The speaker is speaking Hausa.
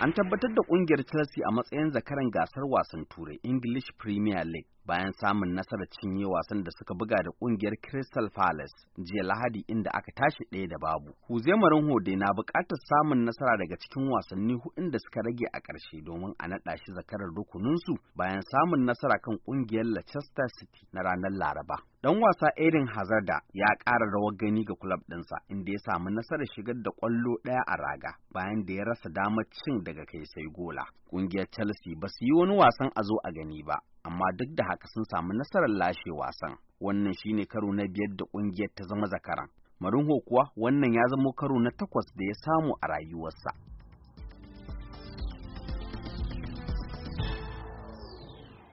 An tabbatar da ƙungiyar Chelsea a matsayin zakaran gasar wasan Turai English Premier League bayan samun nasarar cinye wasan da suka buga da ƙungiyar Crystal Palace jiya Lahadi inda aka tashi ɗaya da babu. Jose Mourinho dai na buƙatar samun nasara daga cikin wasanni huɗun da suka rage a ƙarshe domin a naɗa shi zakarar rukuninsu bayan samun nasara kan ƙungiyar Leicester City na ranar Laraba. Dan wasa Erin Hazarda ya ƙara rawar gani ga kulab ɗinsa inda ya samu nasarar shigar da ƙwallo ɗaya a raga bayan da ya rasa damar cin daga kai sai gola. Ƙungiyar Chelsea ba su yi wani wasan a zo a gani ba, amma duk da haka sun samu nasarar lashe wasan. Wannan shine karo na biyar da ƙungiyar ta zama zakaran. Marinho kuwa wannan ya zamo karo na takwas da ya samu a rayuwarsa.